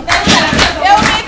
Eu me